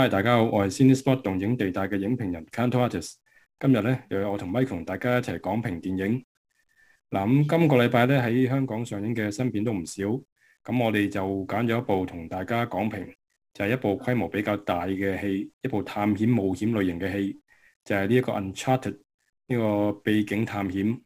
嗨，大家好，我係 Cinespot 動映地帶嘅影評人 Kantorates，今日咧又有我同 Michael 同大家一齊講評電影。嗱，咁今個禮拜咧喺香港上映嘅新片都唔少，咁我哋就揀咗一部同大家講評，就係一部規模比較大嘅戲，一部探險冒險類型嘅戲，就係呢一個 Uncharted 呢個秘境探險。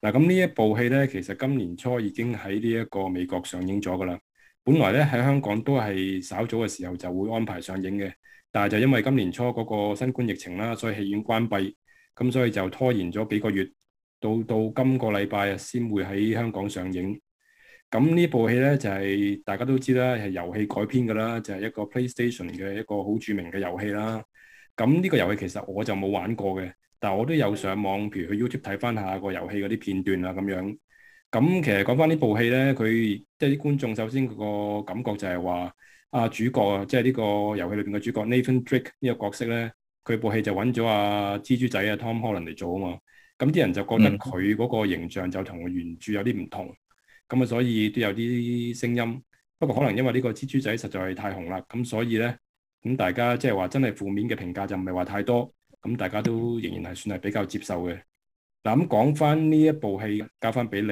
嗱，咁呢一部戲咧，其實今年初已經喺呢一個美國上映咗㗎喇。本來咧喺香港都係稍早嘅時候就會安排上映嘅。但係就因為今年初嗰個新冠疫情啦，所以戲院關閉，咁所以就拖延咗幾個月，到到今個禮拜啊先會喺香港上映。咁呢部戲咧就係大家都知啦，係遊戲改編㗎啦，就係一個 PlayStation 嘅一個好著名嘅遊戲啦。咁呢個遊戲其實我就冇玩過嘅，但係我都有上網，譬如去 YouTube 睇翻下個遊戲嗰啲片段啊咁樣。咁其實講翻呢部戲咧，佢即係啲觀眾首先個感覺就係話。啊主角啊，即係呢個遊戲裏邊嘅主角 Nathan Drake 呢個角色咧，佢部戲就揾咗阿蜘蛛仔啊 Tom Holland 嚟做啊嘛，咁啲人就覺得佢嗰個形象就同原著有啲唔同，咁啊所以都有啲聲音。不過可能因為呢個蜘蛛仔實在係太紅啦，咁所以咧，咁大家即係話真係負面嘅評價就唔係話太多，咁大家都仍然係算係比較接受嘅。嗱咁講翻呢一部戲，交翻俾你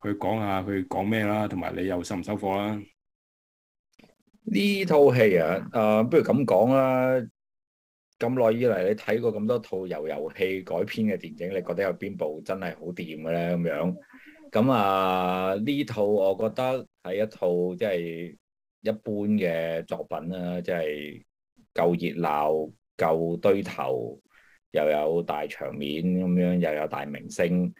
去講下佢講咩啦，同埋你又收唔收貨啦？呢套戲啊，誒、啊，不如咁講啦。咁耐以嚟，你睇過咁多套由遊，遊戲改編嘅電影，你覺得有邊部真係好掂嘅咧？咁樣，咁啊呢套我覺得係一套即係一般嘅作品啦，即係夠熱鬧、夠堆頭，又有大場面咁樣，又有大明星，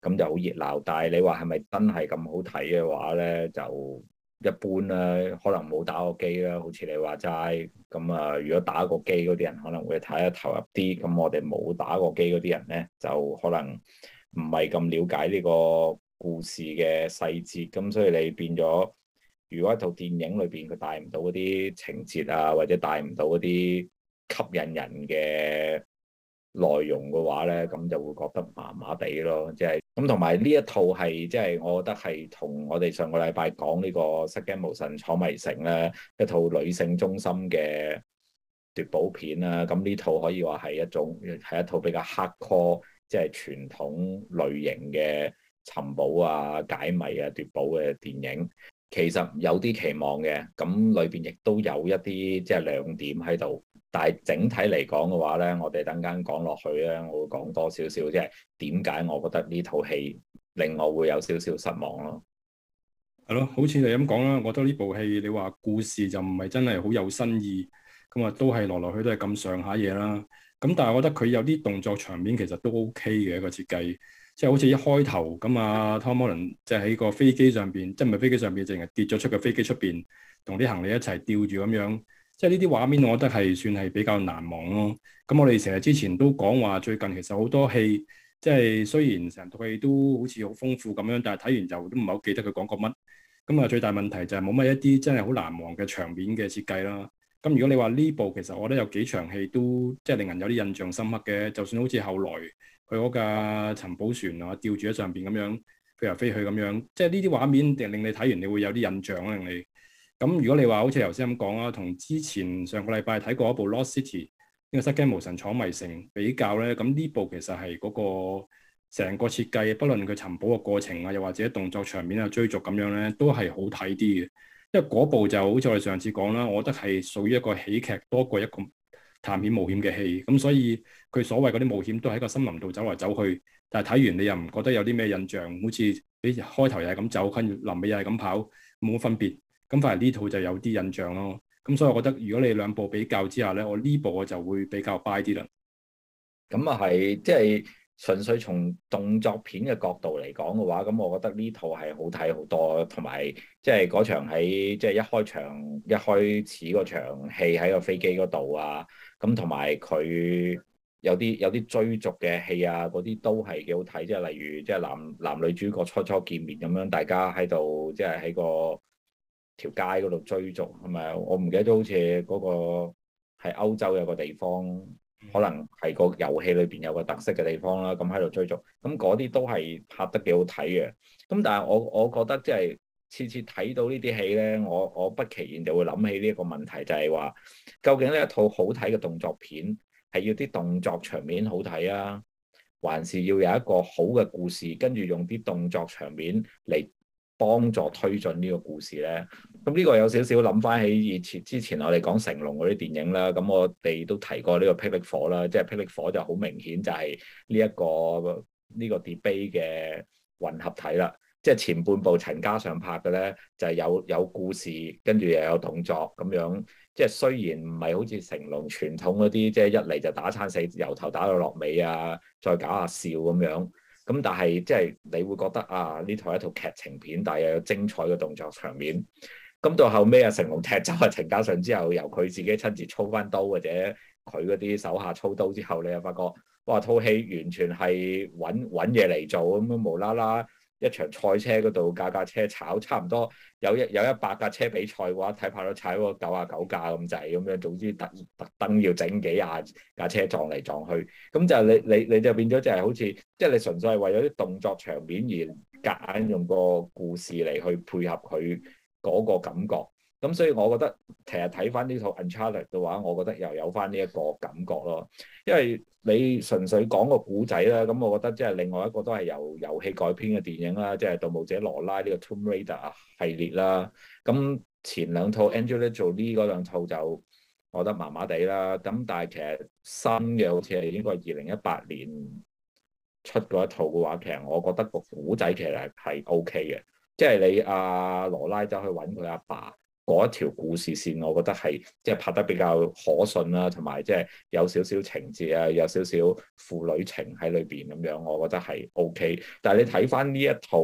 咁就好熱鬧。但係你話係咪真係咁好睇嘅話咧，就～一般咧，可能冇打過機啦，好似你話齋。咁啊，如果打過機嗰啲人可能會睇得投入啲。咁我哋冇打過機嗰啲人咧，就可能唔係咁了解呢個故事嘅細節。咁所以你變咗，如果一套電影裏邊佢帶唔到嗰啲情節啊，或者帶唔到嗰啲吸引人嘅內容嘅話咧，咁就會覺得麻麻地咯，即係咁。同埋呢一套係即係我覺得係同我哋上個禮拜講呢個《失驚無神闖迷城》咧，一套女性中心嘅奪寶片啦。咁呢套可以話係一種係一套比較 hardcore，即係傳統類型嘅尋寶啊、解謎啊、奪寶嘅電影。其實有啲期望嘅，咁裏邊亦都有一啲即係亮點喺度。但係整體嚟講嘅話咧，我哋等間講落去咧，我會講多少少，即係點解我覺得呢套戲令我會有少少失望咯。係咯，好似你咁講啦，我覺得呢部戲你話故事就唔係真係好有新意，咁啊都係落落去都係咁上下嘢啦。咁但係我覺得佢有啲動作場面其實都 OK 嘅一個設計，就是，即係好似一開頭咁啊，Tom Holland 即係喺個飛機上邊，即係唔係飛機上邊，淨係跌咗出個飛機出邊，同啲行李一齊吊住咁樣。即係呢啲畫面，我覺得係算係比較難忘咯、啊。咁我哋成日之前都講話，最近其實好多戲，即係雖然成套戲都好似好豐富咁樣，但係睇完就都唔係好記得佢講過乜。咁啊，最大問題就係冇乜一啲真係好難忘嘅場面嘅設計啦。咁如果你話呢部其實我覺得有幾場戲都即係令人有啲印象深刻嘅，就算好似後來佢嗰架沉寶船啊吊住喺上邊咁樣飛嚟飛去咁樣，即係呢啲畫面定係令你睇完你會有啲印象啊，令你。咁如果你話好似頭先咁講啦，同之前上個禮拜睇過一部《Lost City》呢個《失驚無神闖迷城》比較咧，咁呢部其實係嗰個成個設計，不論佢尋寶嘅過程啊，又或者動作場面啊、追逐咁樣咧，都係好睇啲嘅。因為嗰部就好似我哋上次講啦，我覺得係屬於一個喜劇多過一個探險冒險嘅戲，咁所以佢所謂嗰啲冒險都喺個森林度走嚟走去，但係睇完你又唔覺得有啲咩印象，好似你開頭又係咁走，跟住臨尾又係咁跑，冇乜分別。咁反而呢套就有啲印象咯，咁所以我覺得如果你兩部比較之下咧，我呢部我就會比較 buy 啲啦。咁啊係，即係純粹從動作片嘅角度嚟講嘅話，咁我覺得呢套係好睇好多，同埋即係嗰場喺即係一開場一開始嗰場戲喺個飛機嗰度啊，咁同埋佢有啲有啲追逐嘅戲啊，嗰啲都係幾好睇，即係例如即係男男女主角初初見面咁樣，大家喺度即係喺個。條街嗰度追逐係咪？我唔記得咗，好似嗰個係歐洲有個地方，可能係個遊戲裏邊有個特色嘅地方啦。咁喺度追逐，咁嗰啲都係拍得幾好睇嘅。咁但係我我覺得即係次次睇到呢啲戲咧，我我不其然就會諗起呢一個問題，就係話究竟呢一套好睇嘅動作片係要啲動作場面好睇啊，還是要有一個好嘅故事，跟住用啲動作場面嚟？幫助推進呢個故事咧，咁呢個有少少諗翻起以前之前我哋講成龍嗰啲電影啦，咁我哋都提過呢個霹靂火啦，即係霹靂火就好明顯就係呢一個呢個 debate 嘅混合體啦，即係前半部陳嘉上拍嘅咧，就係有有故事，跟住又有動作咁樣，即係雖然唔係好似成龍傳統嗰啲，即係一嚟就打餐死，由頭打到落尾啊，再搞下笑咁樣。咁但係即係你會覺得啊，呢套係一套劇情片，但係又有精彩嘅動作場面。咁到後尾啊，成龍踢走啊陳嘉上之後，由佢自己親自操返刀，或者佢嗰啲手下操刀之後，你又發覺哇，套戲完全係揾揾嘢嚟做咁樣無啦啦。一場賽車嗰度架架車炒，差唔多有一有一百架車比賽嘅話，睇怕都踩個九啊九架咁滯咁樣，總之特特登要整幾啊架車撞嚟撞去，咁就你你你就變咗即係好似即係你純粹係為咗啲動作場面而夾硬用個故事嚟去配合佢嗰個感覺。咁所以我覺得其實睇翻呢套《Uncharted》嘅話，我覺得又有翻呢一個感覺咯。因為你純粹講個古仔啦，咁我覺得即係另外一個都係由遊戲改編嘅電影啦，即係《盜墓者羅拉》呢個《Tomb Raider》系列啦。咁前兩套《Angela》做呢嗰兩套就我覺得麻麻地啦。咁但係其實新嘅好似係應該二零一八年出嗰一套嘅話，其實我覺得個古仔其實係 OK 嘅。即係你阿羅拉走去揾佢阿爸。嗰一條故事線，我覺得係即係拍得比較可信啦，同埋即係有少少情節啊，有少少父女情喺裏邊咁樣，我覺得係 OK。但係你睇翻呢一套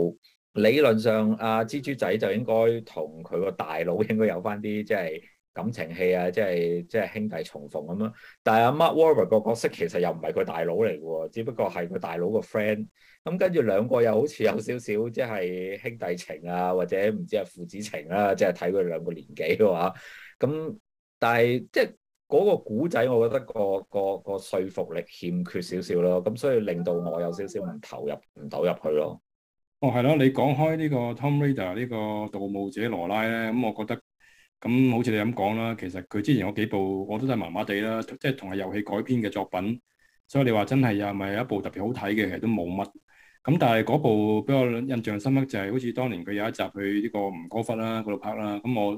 理論上，阿蜘蛛仔就應該同佢個大佬應該有翻啲即係。就是感情戲啊，即係即係兄弟重逢咁咯。但係阿 Mark Wahlberg 個角色其實又唔係佢大佬嚟嘅喎，只不過係佢大佬個 friend。咁跟住兩個又好似有少少即係兄弟情啊，或者唔知係父子情啦、啊，即係睇佢兩個年紀嘅話。咁但係即係嗰個故仔，我覺得個個個說服力欠缺少少咯。咁所以令到我有少少唔投入唔投入去咯。哦，係咯，你講開呢個 Tomb Raider 呢個《盜墓者羅拉》呢咧、嗯，咁我覺得。咁、嗯、好似你咁講啦，其實佢之前嗰幾部我都都係麻麻地啦，即係同係遊戲改編嘅作品，所以你話真係又係咪一部特別好睇嘅，其實都冇乜。咁但係嗰部俾我印象深刻就係、是，好似當年佢有一集去呢個吳哥窟啦嗰度拍啦。咁我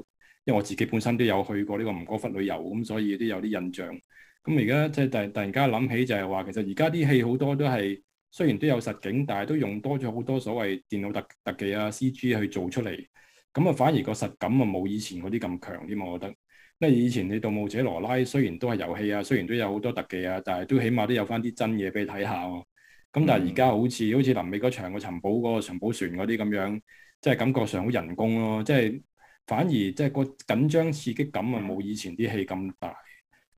因為我自己本身都有去過呢個吳哥窟旅遊，咁所以都有啲印象。咁而家即係突突然間諗起就係話，其實而家啲戲好多都係雖然都有實景，但係都用多咗好多所謂電腦特特技啊、CG 去做出嚟。咁啊，反而個實感啊冇以前嗰啲咁強啲嘛，我覺得。因為以前你《盜墓者羅拉》雖然都係遊戲啊，雖然都有好多特技啊，但係都起碼都有翻啲真嘢俾你睇下喎、啊。咁但係而家好似、嗯、好似臨尾嗰場、嗰個尋寶嗰個尋寶船嗰啲咁樣，即係感覺上好人工咯、啊。即係反而即係個緊張刺激感啊冇以前啲戲咁大。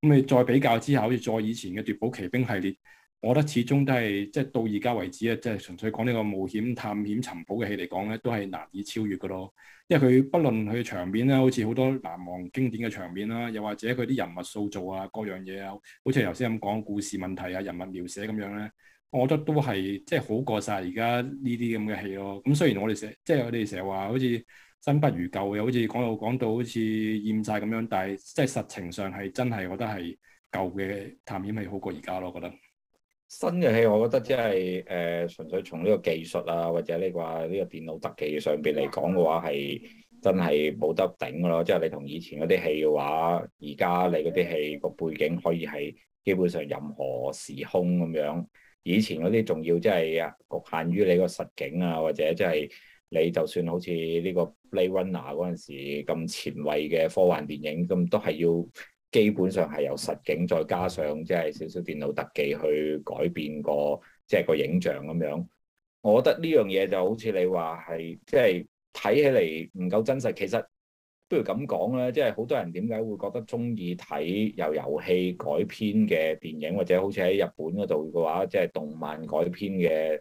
咁你再比較之下，好似再以前嘅奪寶奇兵系列。我覺得始終都係即係到而家為止啊，即係純粹講呢個冒險探險尋寶嘅戲嚟講咧，都係難以超越嘅咯。因為佢不論佢場面啦，好似好多難忘經典嘅場面啦，又或者佢啲人物塑造啊，各樣嘢啊，好似頭先咁講故事問題啊、人物描寫咁樣咧，我覺得都係即係好過晒而家呢啲咁嘅戲咯。咁雖然我哋成即係我哋成日話好似新不如舊嘅，好似講到講到好似厭曬咁樣，但係即係實情上係真係我覺得係舊嘅探險戲好過而家咯，我覺得。新嘅戲，我覺得即係誒，純粹從呢個技術啊，或者你話呢個電腦特技上邊嚟講嘅話，係真係冇得頂咯。即係你同以前嗰啲戲嘅話，而家你嗰啲戲個背景可以係基本上任何時空咁樣。以前嗰啲仲要即係局限於你個實景啊，或者即係你就算好似呢個《Blade Runner》嗰陣時咁前衞嘅科幻電影，咁都係要。基本上係由實景再加上即係少少電腦特技去改變個即係個影像咁樣，我覺得呢樣嘢就好似你話係即係睇起嚟唔夠真實。其實不如咁講啦，即係好多人點解會覺得鍾意睇由遊戲改編嘅電影，或者好似喺日本嗰度嘅話，即係動漫改編嘅。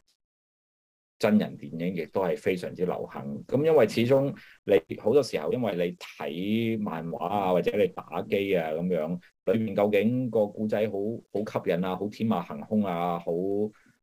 真人電影亦都係非常之流行，咁因為始終你好多時候，因為你睇漫畫啊，或者你打機啊咁樣，裏面究竟個故仔好好吸引啊，好天馬行空啊，好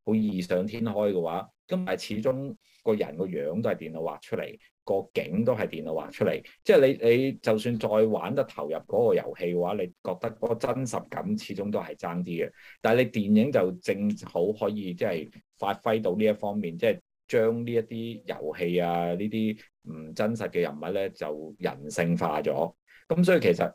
好異想天開嘅話，咁但係始終個人個樣都係電腦畫出嚟，個景都係電腦畫出嚟，即係你你就算再玩得投入嗰個遊戲嘅話，你覺得嗰個真實感始終都係爭啲嘅。但係你電影就正好可以即係發揮到呢一方面，即係。將呢一啲遊戲啊，呢啲唔真實嘅人物咧，就人性化咗。咁所以其實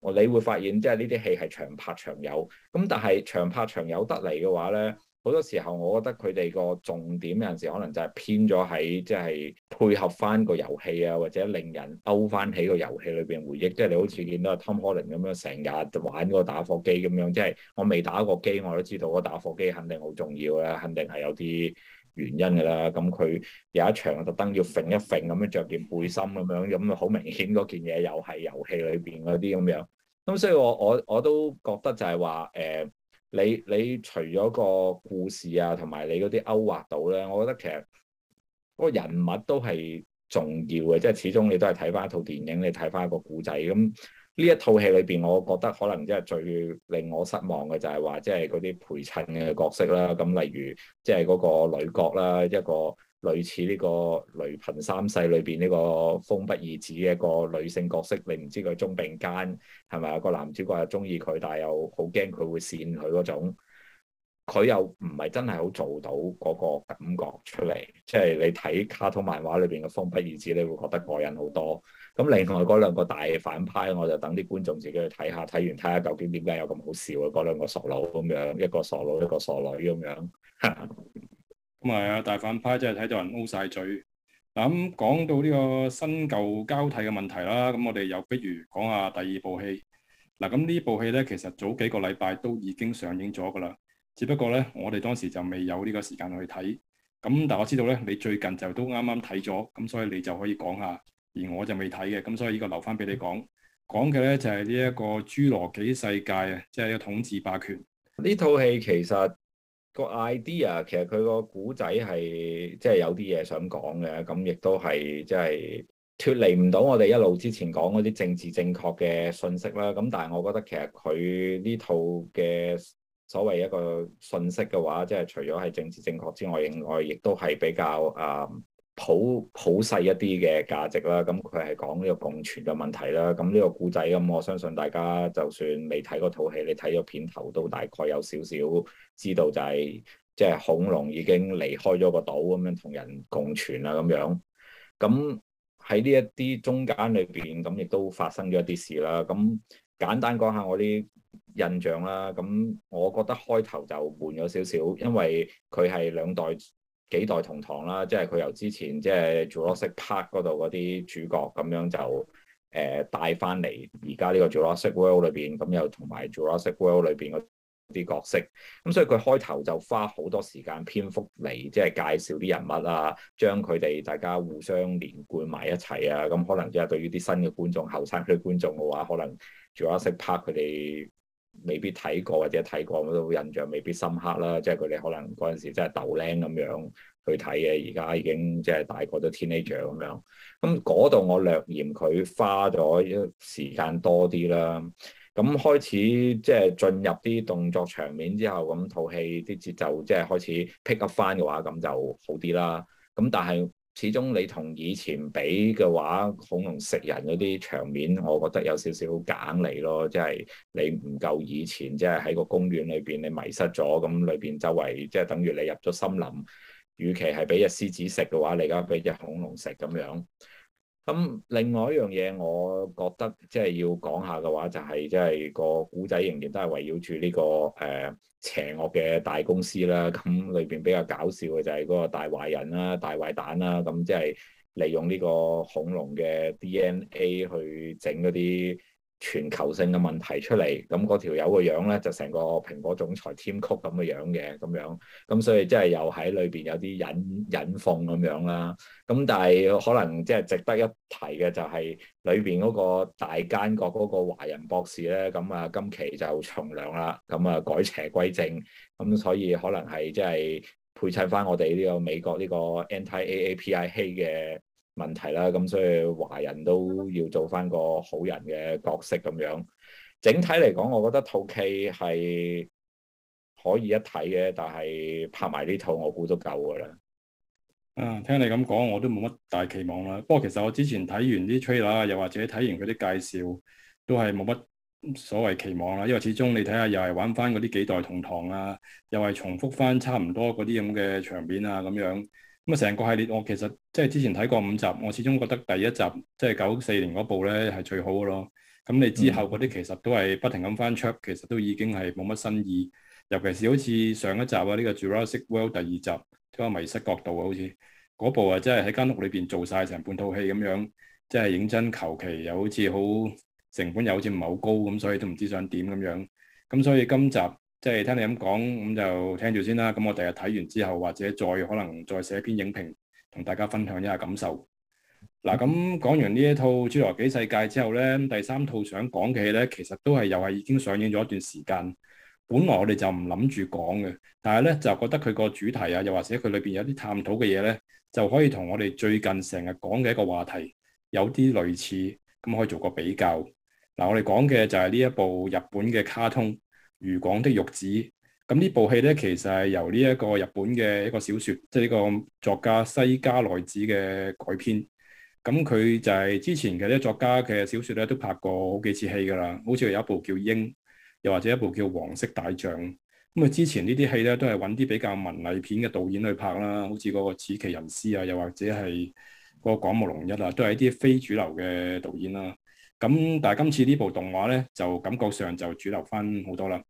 我你會發現，即係呢啲戲係長拍長有。咁但係長拍長有得嚟嘅話咧，好多時候我覺得佢哋個重點有陣時可能就係偏咗喺即係配合翻個遊戲啊，或者令人勾翻起個遊戲裏邊回憶。即係你好似見到 Tom Holland 咁樣成日玩個打火機咁樣，即係我未打過機，我都知道個打火機肯定好重要喇，肯定係有啲。原因㗎啦，咁佢有一場特登要揈一揈咁樣着件背心咁樣，咁好明顯嗰件嘢又係遊戲裏邊嗰啲咁樣。咁所以我我我都覺得就係話，誒你你除咗個故事啊，同埋你嗰啲勾畫到咧，我覺得其實個人物都係重要嘅，即係始終你都係睇翻一套電影，你睇翻一個古仔咁。呢一套戲裏邊，我覺得可能即係最令我失望嘅就係話，即係嗰啲陪襯嘅角色啦。咁例如，即係嗰個女角啦，一個類似呢個《雷朋三世》裏邊呢個風不二子嘅一個女性角色。你唔知佢忠定奸係咪啊？有個男主角又中意佢，但係又好驚佢會扇佢嗰種。佢又唔係真係好做到嗰個感覺出嚟。即係你睇卡通漫畫裏邊嘅風不二子，你會覺得過癮好多。咁另外嗰兩個大反派，我就等啲觀眾自己去睇下，睇完睇下究竟點解有咁好笑啊！嗰兩個傻佬咁樣，一個傻佬，一個傻女咁樣。咁啊係啊，大反派真係睇到人 O 晒嘴。咁講到呢個新舊交替嘅問題啦，咁我哋又不如講下第二部戲。嗱咁呢部戲咧，其實早幾個禮拜都已經上映咗㗎啦，只不過咧我哋當時就未有呢個時間去睇。咁但我知道咧，你最近就都啱啱睇咗，咁所以你就可以講下。而我就未睇嘅，咁所以呢個留翻俾你講。講嘅、嗯、呢就係呢一個侏羅紀世界啊，即係一個統治霸權。呢套戲其實個 idea，其實佢個古仔係即係有啲嘢想講嘅，咁亦都係即係脫離唔到我哋一路之前講嗰啲政治正確嘅信息啦。咁但係我覺得其實佢呢套嘅所謂一個信息嘅話，即係除咗係政治正確之外，另外亦都係比較啊。呃好普世一啲嘅價值啦，咁佢係講呢個共存嘅問題啦。咁、嗯、呢、這個故仔咁、嗯，我相信大家就算未睇過套戲，你睇咗片頭都大概有少少知道，就係即係恐龍已經離開咗個島咁樣同人共存啦咁樣。咁喺呢一啲中間裏邊，咁、嗯、亦都發生咗一啲事啦。咁、嗯、簡單講下我啲印象啦。咁、嗯、我覺得開頭就悶咗少少，因為佢係兩代。幾代同堂啦，即係佢由之前即係 Jurassic Park 嗰度嗰啲主角咁樣就誒、呃、帶翻嚟而家呢個 Jurassic World 裏邊，咁又同埋 Jurassic World 裏邊嗰啲角色，咁所以佢開頭就花好多時間篇幅嚟即係介紹啲人物啊，將佢哋大家互相連貫埋一齊啊，咁可能即係對於啲新嘅觀眾、後生嗰啲觀眾嘅話，可能 Jurassic Park 佢哋。未必睇過，或者睇過我都印象未必深刻啦，即係佢哋可能嗰陣時真係豆靚咁樣去睇嘅，而家已經即係大個咗 teenager 咁樣，咁嗰度我略嫌佢花咗時間多啲啦。咁開始即係進入啲動作場面之後，咁套戲啲節奏即係開始 pick up 翻嘅話，咁就好啲啦。咁但係，始終你同以前比嘅話，恐龍食人嗰啲場面，我覺得有少少揀嚟咯，即係你唔夠以前，即係喺個公園裏邊你迷失咗，咁裏邊周圍即係等於你入咗森林，與其係俾隻獅子食嘅話，你而家俾隻恐龍食咁樣。咁另外一樣嘢，我覺得即係要講下嘅話，就係、是、即係個古仔仍然都係圍繞住呢個誒。呃邪惡嘅大公司啦，咁裏邊比較搞笑嘅就係嗰個大壞人啦，大壞蛋啦，咁即係利用呢個恐龍嘅 DNA 去整嗰啲。全球性嘅問題出嚟，咁嗰條友個樣咧就成個蘋果總裁添曲咁嘅樣嘅，咁樣，咁所以即係又喺裏邊有啲隱隱諷咁樣啦。咁但係可能即係值得一提嘅就係裏邊嗰個大奸角嗰個華人博士咧，咁啊今期就從良啦，咁啊改邪歸正，咁所以可能係即係配襯翻我哋呢個美國呢個 anti AAPI 欺嘅問題啦，咁所以華人都要做翻個好人嘅角色咁樣。整體嚟講，我覺得套戲係可以一睇嘅，但係拍埋呢套我估都夠㗎啦。啊，聽你咁講，我都冇乜大期望啦。不過其實我之前睇完啲 trailer，又或者睇完佢啲介紹，都係冇乜所謂期望啦。因為始終你睇下又係玩翻嗰啲幾代同堂啊，又係重複翻差唔多嗰啲咁嘅場面啊咁樣。咁啊，成個系列我其實即係之前睇過五集，我始終覺得第一集即係九四年嗰部咧係最好嘅咯。咁你之後嗰啲其實都係不停咁翻出，其實都已經係冇乜新意。尤其是好似上一集啊，呢、這個 Jurassic World 第二集即係迷失角度啊，好似嗰部啊，即係喺間屋裏邊做晒成半套戲咁樣，即係認真求其，又好似好成本又好似唔係好高咁，所以都唔知想點咁樣。咁所以今集。即係聽你咁講，咁就聽住先啦。咁我第日睇完之後，或者再可能再寫篇影評，同大家分享一下感受。嗱，咁講完呢一套《侏羅紀世界》之後咧，第三套想講嘅嘢咧，其實都係又係已經上映咗一段時間。本來我哋就唔諗住講嘅，但係咧就覺得佢個主題啊，又或者佢裏邊有啲探討嘅嘢咧，就可以同我哋最近成日講嘅一個話題有啲類似，咁可以做個比較。嗱，我哋講嘅就係呢一部日本嘅卡通。漁港的肉子，咁呢部戲咧，其實係由呢一個日本嘅一個小說，即係呢個作家西加內子嘅改編。咁佢就係之前嘅啲作家嘅小說咧，都拍過好幾次戲噶啦，好似有一部叫鷹，又或者一部叫黃色大象。咁啊，之前戲呢啲戲咧，都係揾啲比較文藝片嘅導演去拍啦，好似嗰個矢崎仁司啊，又或者係嗰、嗰個廣木隆一啊，都係一啲非主流嘅導演啦、啊。咁但係今次呢部動畫咧，就感覺上就主流翻好多啦。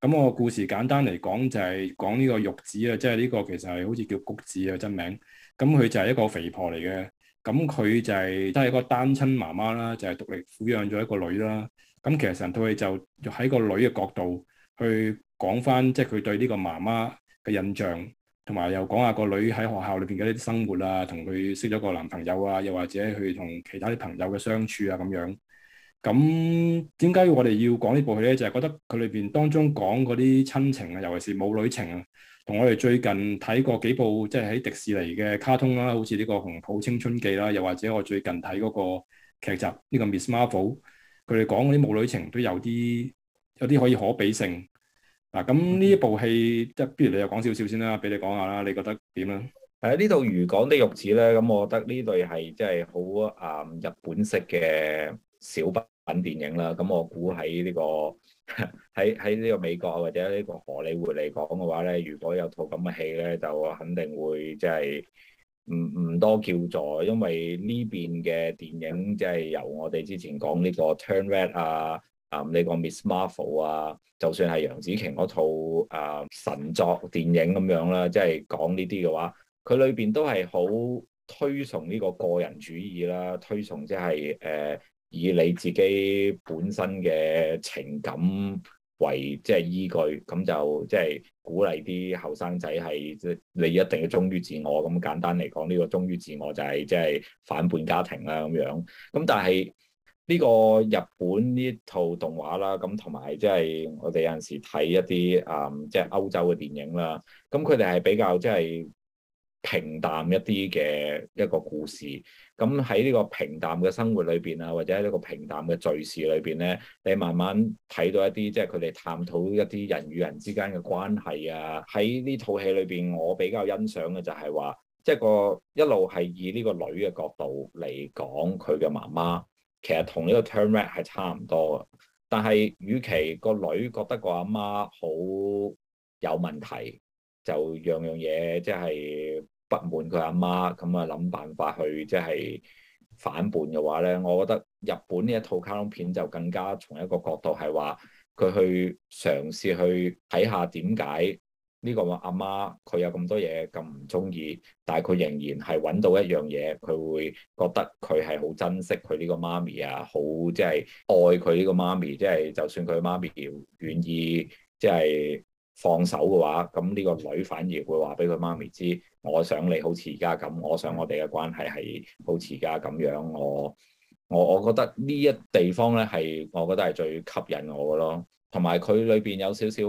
咁我故事簡單嚟講，就係講呢個肉子啊，即係呢個其實係好似叫菊子啊真名。咁佢就係一個肥婆嚟嘅，咁佢就係都係一個單親媽媽啦，就係獨力撫養咗一個女啦。咁其實成套戲就喺個女嘅角度去講翻，即係佢對呢個媽媽嘅印象，同埋又講下個女喺學校裏邊嘅啲生活啊，同佢識咗個男朋友啊，又或者去同其他啲朋友嘅相處啊咁樣。咁點解我哋要講呢部戲咧？就係、是、覺得佢裏邊當中講嗰啲親情啊，尤其是母女情啊，同我哋最近睇過幾部，即係喺迪士尼嘅卡通啦，好似呢個《熊抱青春記》啦，又或者我最近睇嗰個劇集《呢、這個 Miss Marvel》，佢哋講嗰啲母女情都有啲有啲可以可比性。嗱，咁呢一部戲，即係、嗯、不如你又講少少先啦，俾你講下啦，你覺得點咧？誒、啊，呢度，《漁港的肉子》咧，咁我覺得呢類係即係好啊，日本式嘅小品品電影啦，咁我估喺呢、這個喺喺呢個美國或者呢個荷里活嚟講嘅話咧，如果有套咁嘅戲咧，就肯定會即係唔唔多叫座，因為呢邊嘅電影即係、就是、由我哋之前講呢個《Turn Red》啊，啊、嗯、呢、這個《Ms. Marvel》啊，就算係楊紫瓊嗰套誒、啊、神作電影咁樣啦，即係講呢啲嘅話，佢裏邊都係好推崇呢個個人主義啦，推崇即係誒。呃以你自己本身嘅情感為即係依據，咁就即係鼓勵啲後生仔係即係你一定要忠於自我。咁簡單嚟講，呢個忠於自我就係即係反叛家庭啦咁樣。咁但係呢個日本呢套動畫啦，咁同埋即係我哋有陣時睇一啲啊即係歐洲嘅電影啦，咁佢哋係比較即係平淡一啲嘅一個故事，咁喺呢個平淡嘅生活裏邊啊，或者喺一個平淡嘅敍事裏邊咧，你慢慢睇到一啲即係佢哋探討一啲人與人之間嘅關係啊。喺呢套戲裏邊，我比較欣賞嘅就係話，即係個一路係以呢個女嘅角度嚟講佢嘅媽媽，其實同呢個 Turning Red 係差唔多嘅，但係與其個女覺得個阿媽好有問題，就樣樣嘢即係。就是不滿佢阿媽，咁啊諗辦法去即係反叛嘅話咧，我覺得日本呢一套卡通片就更加從一個角度係話佢去嘗試去睇下點解呢個阿媽佢有咁多嘢咁唔中意，但係佢仍然係揾到一樣嘢，佢會覺得佢係好珍惜佢呢個媽咪啊，好即係愛佢呢個媽咪，即係就算佢媽咪願意即係。放手嘅話，咁呢個女反而會話俾佢媽咪知，我想你好似而家咁，我想我哋嘅關係係好似而家咁樣。我我我覺得呢一地方咧係，我覺得係最吸引我嘅咯。同埋佢裏邊有少少，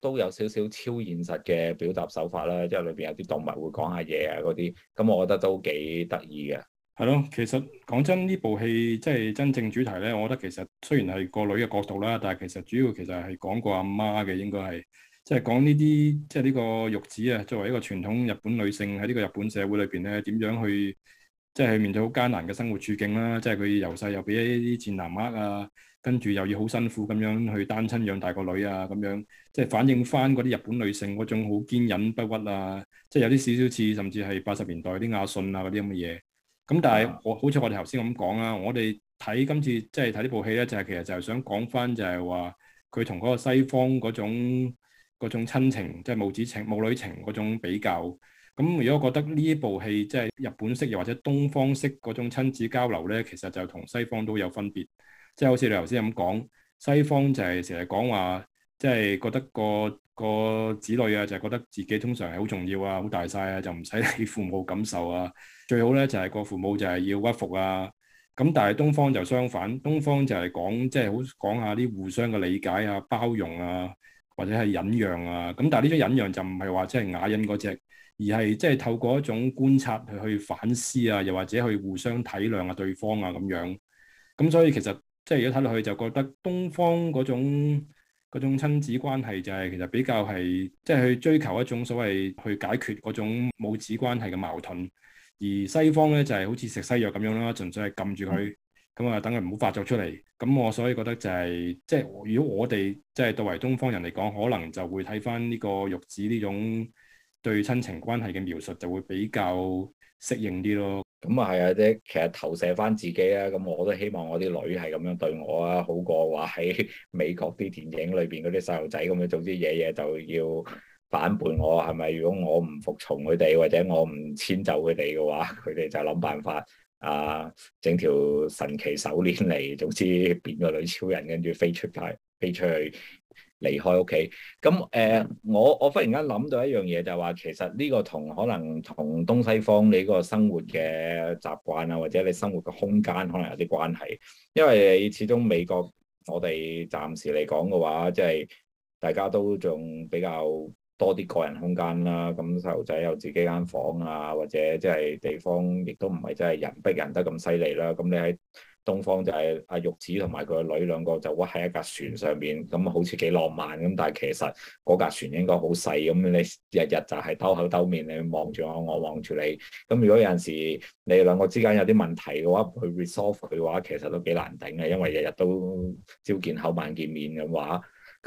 都有少少超現實嘅表達手法啦，即係裏邊有啲動物會講下嘢啊嗰啲。咁我覺得都幾得意嘅。係咯，其實講真，呢部戲即係真正主題咧，我覺得其實雖然係個女嘅角度啦，但係其實主要其實係講過阿媽嘅，應該係。即係講呢啲，即係呢個肉子啊，作為一個傳統日本女性喺呢個日本社會裏邊咧，點樣去即係、就是、面對好艱難嘅生活處境啦？即係佢由細又俾一啲賤男呃啊，跟住又要好辛苦咁樣去單親養大個女啊，咁樣即係、就是、反映翻嗰啲日本女性嗰種好堅忍不屈啊！即、就、係、是、有啲少少似，甚至係八十年代啲亞信啊嗰啲咁嘅嘢。咁但係我好似我哋頭先咁講啊，我哋睇今次即係睇呢部戲咧，就係、是、其實就係想講翻就係話佢同嗰個西方嗰種。嗰種親情，即係母子情、母女情嗰種比較。咁如果覺得呢一部戲即係日本式，又或者東方式嗰種親子交流咧，其實就同西方都有分別。即係好似你頭先咁講，西方就係成日講話，即係覺得個個子女啊，就係覺得自己通常係好重要啊、好大晒啊，就唔使理父母感受啊。最好咧就係個父母就係要屈服啊。咁但係東方就相反，東方就係講即係好講下啲互相嘅理解啊、包容啊。或者係忍讓啊，咁但係呢種忍讓就唔係話即係啞忍嗰隻，而係即係透過一種觀察去去反思啊，又或者去互相體諒下、啊、對方啊咁樣。咁所以其實即係如果睇落去就覺得東方嗰種嗰種親子關係就係其實比較係即係去追求一種所謂去解決嗰種母子關係嘅矛盾，而西方咧就係好似食西藥咁樣啦，純粹係撳住佢。嗯。咁啊，等佢唔好發作出嚟。咁我所以覺得就係，即係如果我哋即係作為東方人嚟講，可能就會睇翻呢個肉子呢種對親情關係嘅描述，就會比較適應啲咯。咁啊係啊，即其實投射翻自己啦。咁我都希望我啲女係咁樣對我啊，好過話喺美國啲電影裏邊嗰啲細路仔咁樣，總之嘢嘢就要反叛我係咪？如果我唔服從佢哋，或者我唔遷就佢哋嘅話，佢哋就諗辦法。啊！整條神奇手鏈嚟，總之變個女超人，跟住飛出街，飛出去離開屋企。咁誒、呃，我我忽然間諗到一樣嘢，就係話其實呢個同可能同東西方你個生活嘅習慣啊，或者你生活嘅空間可能有啲關係。因為始終美國，我哋暫時嚟講嘅話，即係大家都仲比較。多啲個人空間啦，咁細路仔有自己間房啊，或者即係地方亦都唔係真係人逼人得咁犀利啦。咁你喺東方就係阿玉子同埋佢個女兩個就屈喺一架船上面，咁好似幾浪漫咁，但係其實嗰架船應該好細咁，你日日就係兜口兜面，你望住我，我望住你。咁如果有陣時你兩個之間有啲問題嘅話，去 resolve 佢嘅話，其實都幾難頂嘅，因為日日都朝見口晚見面嘅話。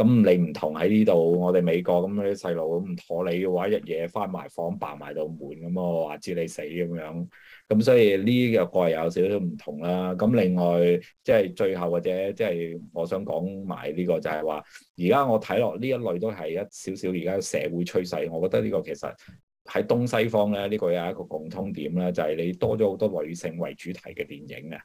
咁你唔同喺呢度，我哋美國咁嗰啲細路咁唔妥你嘅話，日夜翻埋房，扮埋到滿咁我話知你死咁樣。咁所以呢個個有少少唔同啦。咁另外即係、就是、最後或者即係我想講埋呢個就係話，而家我睇落呢一類都係一少少而家社會趨勢。我覺得呢個其實喺東西方咧，呢、呢個有一個共通點咧，就係、是、你多咗好多女性為主題嘅電影啊！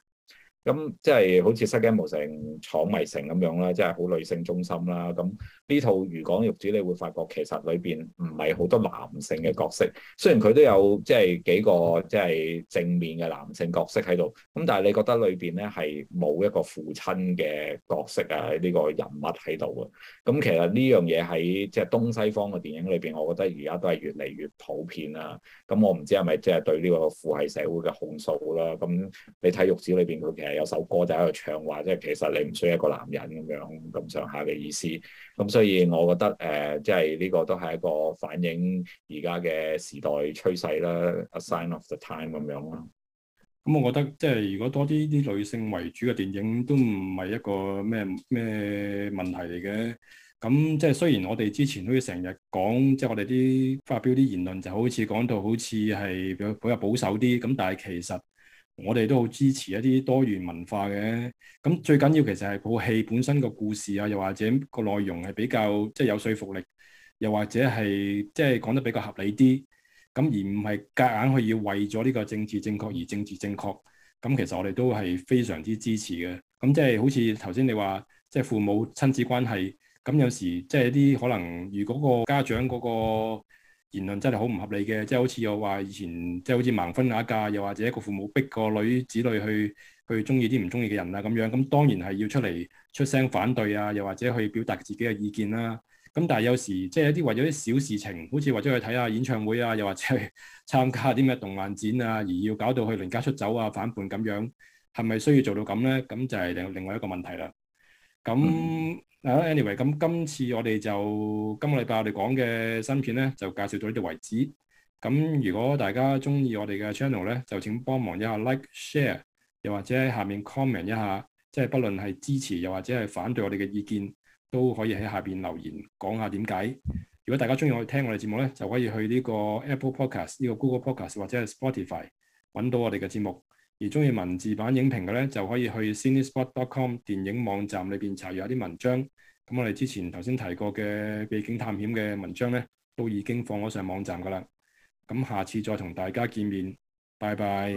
咁即係好似西貢無城、闖迷城咁樣啦，即係好女性中心啦，咁。呢套《漁港肉子》你會發覺其實裏邊唔係好多男性嘅角色，雖然佢都有即係幾個即係正面嘅男性角色喺度，咁但係你覺得裏邊咧係冇一個父親嘅角色啊呢、這個人物喺度嘅，咁其實呢樣嘢喺即係東西方嘅電影裏邊，我覺得而家都係越嚟越普遍、啊、是是是啦。咁我唔知係咪即係對呢個父系社會嘅控訴啦。咁你睇《肉子》裏邊佢其實有首歌就喺度唱話，即、就、係、是、其實你唔需要一個男人咁樣咁上下嘅意思。咁所以，我覺得誒，uh, 即係呢個都係一個反映而家嘅時代趨勢啦，a sign of the time 咁樣啦，咁我覺得，即係如果多啲啲女性為主嘅電影，都唔係一個咩咩問題嚟嘅。咁即係雖然我哋之前好似成日講，即係我哋啲發表啲言論就好似講到好似係比較比較保守啲。咁但係其實。我哋都好支持一啲多元文化嘅，咁最緊要其實係部戲本身個故事啊，又或者個內容係比較即係有說服力，又或者係即係講得比較合理啲，咁而唔係夾硬去要為咗呢個政治正確而政治正確，咁其實我哋都係非常之支持嘅。咁即係好似頭先你話，即係父母親子關係，咁有時即係啲可能，如果個家長嗰個，言論真係好唔合理嘅，即係好似我話以前，即係好似盲婚啞嫁，又或者個父母逼個女子女去去中意啲唔中意嘅人啊咁樣，咁當然係要出嚟出聲反對啊，又或者去表達自己嘅意見啦。咁但係有時即係一啲為咗啲小事情，好似或者去睇下演唱會啊，又或者去參加啲咩動漫展啊，而要搞到去離家出走啊、反叛咁樣，係咪需要做到咁呢？咁就係另另外一個問題啦。咁誒，anyway，咁今次我哋就今個禮拜我哋講嘅新片咧，就介紹到呢度為止。咁如果大家中意我哋嘅 channel 咧，就請幫忙一下 like、share，又或者喺下面 comment 一下，即係不論係支持又或者係反對我哋嘅意見，都可以喺下邊留言講下點解。如果大家中意我哋聽我哋節目咧，就可以去呢個 Apple Podcast、呢個 Google Podcast 或者係 Spotify 揾到我哋嘅節目。而中意文字版影評嘅咧，就可以去 cinespot.com 電影網站裏邊查閱一啲文章。咁我哋之前頭先提過嘅《秘境探險》嘅文章咧，都已經放咗上網站噶啦。咁下次再同大家見面，拜拜。